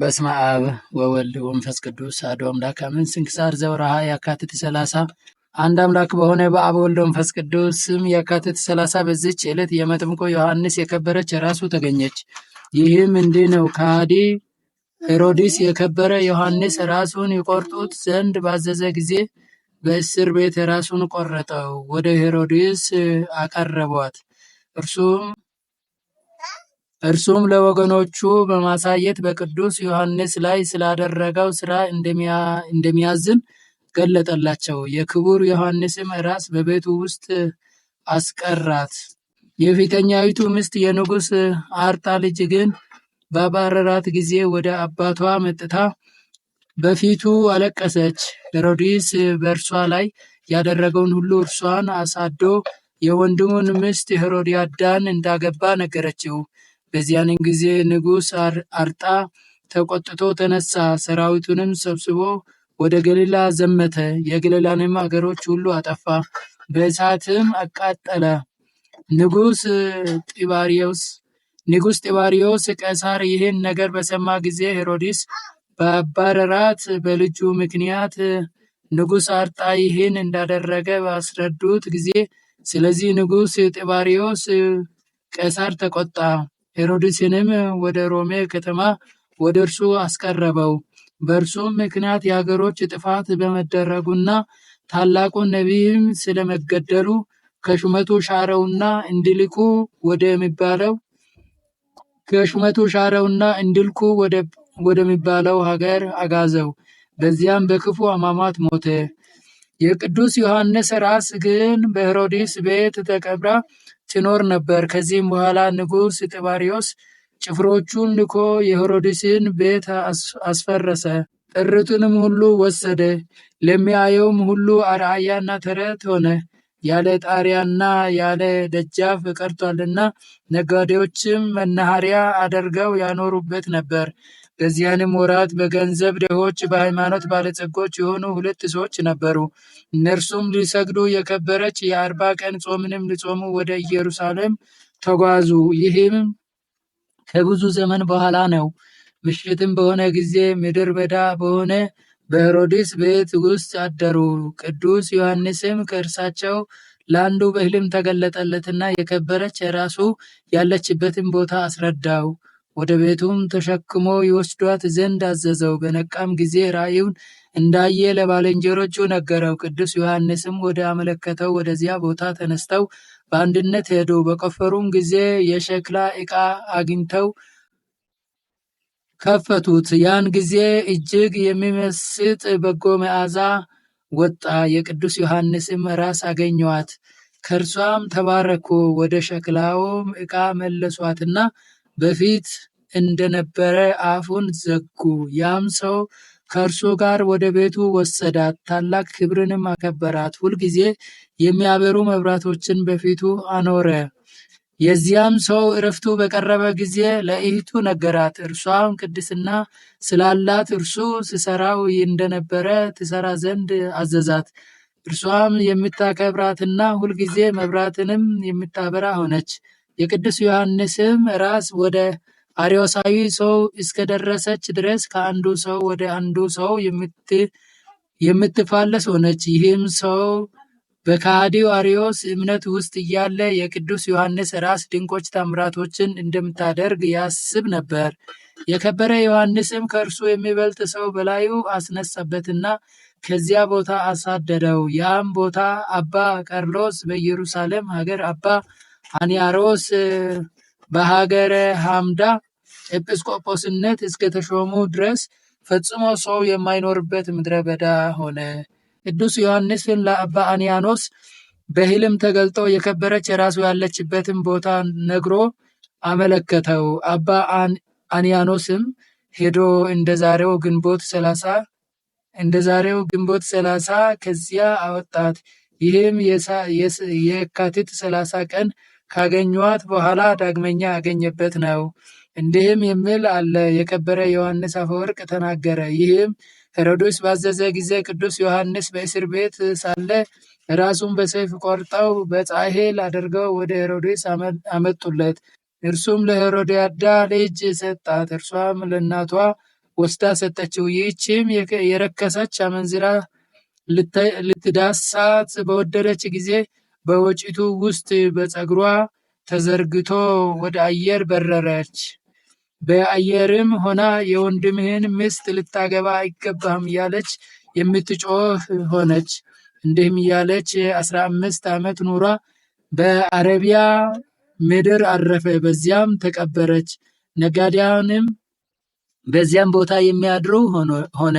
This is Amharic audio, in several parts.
በስመ አብ ወወልድ ወንፈስ ቅዱስ አሐዱ አምላክ አሜን። ስንክሳር ዘወርኀ የካቲት ሰላሳ አንድ አምላክ በሆነ በአብ ወልድ ወንፈስ ቅዱስ ስም የካቲት ሰላሳ በዚች ዕለት የመጥምቆ ዮሐንስ የከበረች ራሱ ተገኘች። ይህም እንዲህ ነው። ከሃዲ ሄሮድስ የከበረ ዮሐንስ ራሱን ይቆርጡት ዘንድ ባዘዘ ጊዜ በእስር ቤት ራሱን ቆረጠው። ወደ ሄሮድስ አቀረቧት። እርሱም እርሱም ለወገኖቹ በማሳየት በቅዱስ ዮሐንስ ላይ ስላደረገው ሥራ እንደሚያዝን ገለጠላቸው። የክቡር ዮሐንስም ራስ በቤቱ ውስጥ አስቀራት። የፊተኛይቱ ሚስት የንጉሥ አርጣ ልጅ ግን ባባረራት ጊዜ ወደ አባቷ መጥታ በፊቱ አለቀሰች። ሄሮድስ በእርሷ ላይ ያደረገውን ሁሉ እርሷን አሳዶ የወንድሙን ሚስት ሄሮድያዳን እንዳገባ ነገረችው። በዚያን ጊዜ ንጉሥ አርጣ ተቆጥቶ ተነሣ፣ ሠራዊቱንም ሰብስቦ ወደ ገሊላ ዘመተ። የገሊላንም አገሮች ሁሉ አጠፋ፣ በእሳትም አቃጠለ። ንጉሥ ጢባርዮስ ቀሳር ይህን ነገር በሰማ ጊዜ ሄሮድስ በአባረራት በልጁ ምክንያት ንጉሥ አርጣ ይህን እንዳደረገ ባስረዱት ጊዜ፣ ስለዚህ ንጉሥ ጢባርዮስ ቀሳር ተቆጣ። ሄሮድስንም ወደ ሮሜ ከተማ ወደ እርሱ አስቀረበው። በእርሱም ምክንያት የአገሮች ጥፋት በመደረጉና ታላቁን ነቢይም ስለመገደሉ ከሹመቱ ሻረውና እንዲልኩ ወደሚባለው ከሹመቱ ሻረውና እንዲልኩ ወደሚባለው ሀገር አጋዘው። በዚያም በክፉ አማማት ሞተ። የቅዱስ ዮሐንስ ራስ ግን በሄሮድስ ቤት ተቀብራ ትኖር ነበር። ከዚህም በኋላ ንጉሥ ጢባርዮስ ጭፍሮቹን ልኮ የሄሮድስን ቤት አስፈረሰ፣ ጥሪቱንም ሁሉ ወሰደ። ለሚያየውም ሁሉ አርአያና ተረት ሆነ። ያለ ጣሪያና ያለ ደጃፍ ቀርቷልና። ነጋዴዎችም መናኸሪያ አድርገው ያኖሩበት ነበር። በዚያንም ወራት በገንዘብ ድሆች በሃይማኖት ባለጸጎች የሆኑ ሁለት ሰዎች ነበሩ። እነርሱም ሊሰግዱ የከበረች የአርባ ቀን ጾምንም ሊጾሙ ወደ ኢየሩሳሌም ተጓዙ። ይህም ከብዙ ዘመን በኋላ ነው። ምሽትም በሆነ ጊዜ ምድር በዳ በሆነ በሄሮድስ ቤት ውስጥ አደሩ። ቅዱስ ዮሐንስም ከእርሳቸው ለአንዱ በሕልም ተገለጠለትና የከበረች የራሱ ያለችበትን ቦታ አስረዳው። ወደ ቤቱም ተሸክሞ ይወስዷት ዘንድ አዘዘው። በነቃም ጊዜ ራእዩን እንዳየ ለባልንጀሮቹ ነገረው። ቅዱስ ዮሐንስም ወደ አመለከተው ወደዚያ ቦታ ተነስተው በአንድነት ሄዱ። በቆፈሩም ጊዜ የሸክላ ዕቃ አግኝተው ከፈቱት። ያን ጊዜ እጅግ የሚመስጥ በጎ መዓዛ ወጣ። የቅዱስ ዮሐንስም ራስ አገኘዋት። ከእርሷም ተባረኩ። ወደ ሸክላውም ዕቃ መለሷትና በፊት እንደነበረ አፉን ዘጉ። ያም ሰው ከእርሱ ጋር ወደ ቤቱ ወሰዳት፣ ታላቅ ክብርንም አከበራት። ሁልጊዜ የሚያበሩ መብራቶችን በፊቱ አኖረ። የዚያም ሰው እረፍቱ በቀረበ ጊዜ ለእህቱ ነገራት። እርሷም ቅድስና ስላላት እርሱ ስሰራው እንደነበረ ትሰራ ዘንድ አዘዛት። እርሷም የምታከብራትና ሁልጊዜ መብራትንም የምታበራ ሆነች። የቅዱስ ዮሐንስም ራስ ወደ አርዮሳዊ ሰው እስከደረሰች ድረስ ከአንዱ ሰው ወደ አንዱ ሰው የምትፋለስ ሆነች። ይህም ሰው በካዲው አርዮስ እምነት ውስጥ እያለ የቅዱስ ዮሐንስ ራስ ድንቆች ታምራቶችን እንደምታደርግ ያስብ ነበር። የከበረ ዮሐንስም ከእርሱ የሚበልጥ ሰው በላዩ አስነሳበትና ከዚያ ቦታ አሳደደው። ያም ቦታ አባ ቀርሎስ በኢየሩሳሌም ሀገር አባ አንያሮስ በሀገረ ሐምዳ ኤጲስቆጶስነት እስከተሾሙ ድረስ ፈጽሞ ሰው የማይኖርበት ምድረ በዳ ሆነ። ቅዱስ ዮሐንስን ለአባ አንያኖስ በሕልም ተገልጦ የከበረች የራሱ ያለችበትን ቦታ ነግሮ አመለከተው። አባ አንያኖስም ሄዶ እንደዛሬው ግንቦት ሰላሳ እንደዛሬው ግንቦት ሰላሳ ከዚያ አወጣት። ይህም የካቲት ሰላሳ ቀን ካገኟት በኋላ ዳግመኛ ያገኘበት ነው። እንዲህም የሚል አለ የከበረ ዮሐንስ አፈወርቅ ተናገረ። ይህም ሄሮድስ ባዘዘ ጊዜ ቅዱስ ዮሐንስ በእስር ቤት ሳለ ራሱን በሰይፍ ቆርጠው በጻሕል አድርገው ወደ ሄሮድስ አመጡለት። እርሱም ለሄሮድያዳ ልጅ ሰጣት፣ እርሷም ለእናቷ ወስዳ ሰጠችው። ይህችም የረከሰች አመንዝራ ልትዳሳት በወደደች ጊዜ በወጭቱ ውስጥ በፀጉሯ ተዘርግቶ ወደ አየር በረረች። በአየርም ሆና የወንድምህን ሚስት ልታገባ አይገባህም እያለች የምትጮህ ሆነች። እንዲህም እያለች አስራ አምስት ዓመት ኑራ በአረቢያ ምድር አረፈ። በዚያም ተቀበረች። ነጋዴያንም በዚያም ቦታ የሚያድሩ ሆነ።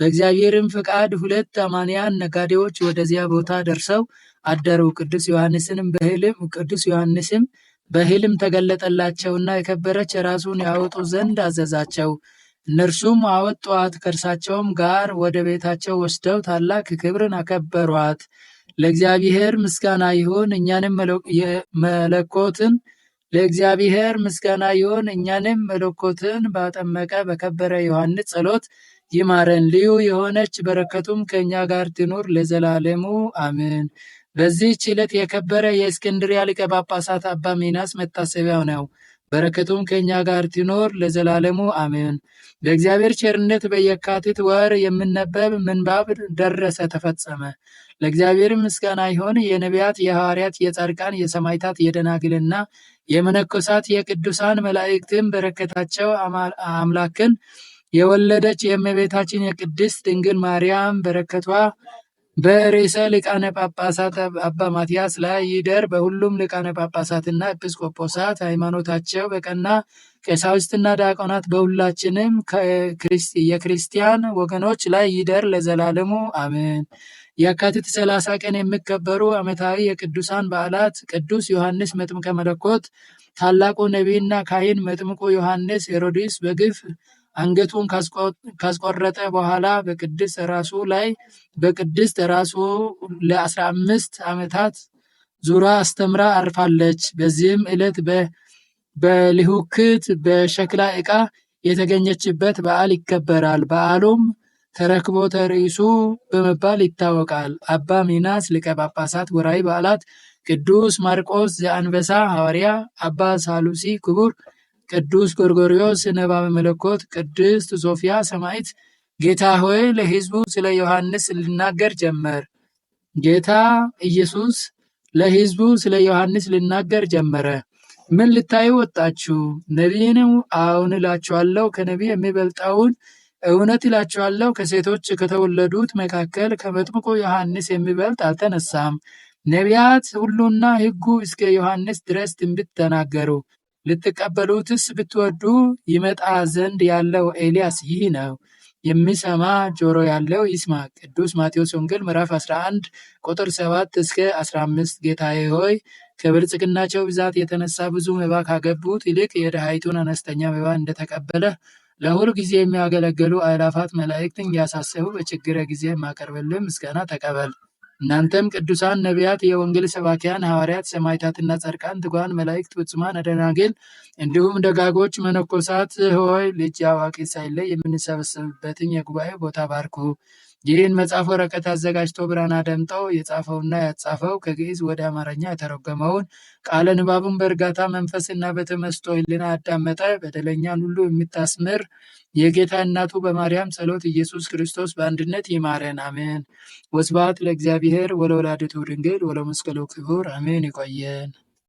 በእግዚአብሔርም ፈቃድ ሁለት አማንያን ነጋዴዎች ወደዚያ ቦታ ደርሰው አደሩ። ቅዱስ ዮሐንስንም በህልም ቅዱስ ዮሐንስም በህልም ተገለጠላቸውና የከበረች ራሱን ያወጡ ዘንድ አዘዛቸው። እነርሱም አወጧት፣ ከእርሳቸውም ጋር ወደ ቤታቸው ወስደው ታላቅ ክብርን አከበሯት። ለእግዚአብሔር ምስጋና ይሁን እኛንም መለኮትን ለእግዚአብሔር ምስጋና ይሁን እኛንም መለኮትን ባጠመቀ በከበረ ዮሐንስ ጸሎት ይማረን። ልዩ የሆነች በረከቱም ከእኛ ጋር ትኑር ለዘላለሙ አሜን። በዚህች ዕለት የከበረ የእስክንድሪያ ሊቀ ጳጳሳት አባ ሚናስ መታሰቢያው ነው። በረከቱም ከእኛ ጋር ትኖር ለዘላለሙ አሜን። በእግዚአብሔር ቸርነት በየካቲት ወር የምነበብ ምንባብ ደረሰ፣ ተፈጸመ። ለእግዚአብሔር ምስጋና ይሆን የነቢያት፣ የሐዋርያት፣ የጻድቃን፣ የሰማዕታት፣ የደናግልና የመነኮሳት የቅዱሳን መላእክትን በረከታቸው አምላክን የወለደች የእመቤታችን የቅድስት ድንግል ማርያም በረከቷ በርዕሰ ሊቃነ ጳጳሳት አባ ማትያስ ላይ ይደር። በሁሉም ሊቃነ ጳጳሳትና ኤጲስቆጶሳት ሃይማኖታቸው በቀና ቀሳውስትና ዲያቆናት በሁላችንም የክርስቲያን ወገኖች ላይ ይደር ለዘላለሙ አሜን። የካቲት 30 ቀን የሚከበሩ ዓመታዊ የቅዱሳን በዓላት፦ ቅዱስ ዮሐንስ መጥምቀ መለኮት፣ ታላቁ ነቢይና ካህን መጥምቁ ዮሐንስ ሄሮድስ በግፍ አንገቱን ካስቆረጠ በኋላ በቅድስት ራሱ ላይ በቅድስት ራሱ ለ15 ዓመታት ዙራ አስተምራ አርፋለች። በዚህም ዕለት በልሁክት በሸክላ ዕቃ የተገኘችበት በዓል ይከበራል። በዓሉም ተረክቦ ርእሱ በመባል ይታወቃል። አባ ሚናስ ሊቀ ጳጳሳት። ወርኃዊ በዓላት፦ ቅዱስ ማርቆስ ዘአንበሳ ሐዋርያ፣ አባ ሳሉሲ ክቡር ቅዱስ ጎርጎሪዎስ ነባ መለኮት፣ ቅድስት ሶፊያ ሰማይት ጌታ ሆይ፣ ለሕዝቡ ስለ ዮሐንስ ልናገር ጀመር። ጌታ ኢየሱስ ለሕዝቡ ስለ ዮሐንስ ልናገር ጀመረ። ምን ልታዩ ወጣችሁ? ነቢይን? አሁን እላችኋለሁ፣ ከነቢይ የሚበልጠውን እውነት እላችኋለሁ፣ ከሴቶች ከተወለዱት መካከል ከመጥምቁ ዮሐንስ የሚበልጥ አልተነሳም። ነቢያት ሁሉና ሕጉ እስከ ዮሐንስ ድረስ ትንቢት ተናገሩ። ልትቀበሉትስ ብትወዱ ይመጣ ዘንድ ያለው ኤልያስ ይህ ነው። የሚሰማ ጆሮ ያለው ይስማ። ቅዱስ ማቴዎስ ወንጌል ምዕራፍ 11 ቁጥር 7 እስከ 15 ጌታዬ ሆይ ከብልጽግናቸው ብዛት የተነሳ ብዙ መባ ካገቡት ይልቅ የድሃይቱን አነስተኛ መባ እንደተቀበለ ለሁል ጊዜ የሚያገለግሉ አእላፋት መላእክትን እያሳሰቡ በችግረ ጊዜ የማቀርብልን ምስጋና ተቀበል። እናንተም ቅዱሳን ነቢያት፣ የወንጌል ሰባኪያን ሐዋርያት፣ ሰማዕታትና ጻድቃን፣ ትጓን መላእክት፣ ፍጹማን ደናግል እንዲሁም ደጋጎች መነኮሳት ሆይ ልጅ አዋቂ ሳይለይ የምንሰበሰብበትን የጉባኤ ቦታ ባርኩ። ይህን መጽሐፍ ወረቀት አዘጋጅቶ ብራና ደምጠው የጻፈውና ያጻፈው ከግዕዝ ወደ አማርኛ የተረጎመውን ቃለ ንባቡን በእርጋታ መንፈስና በተመስጦ ሕሊና አዳመጠ። በደለኛን ሁሉ የምታስምር የጌታ እናቱ በማርያም ጸሎት ኢየሱስ ክርስቶስ በአንድነት ይማረን፣ አሜን። ወስብሐት ለእግዚአብሔር ወለወላዲቱ ድንግል ወለመስቀሉ ክቡር አሜን። ይቆየን።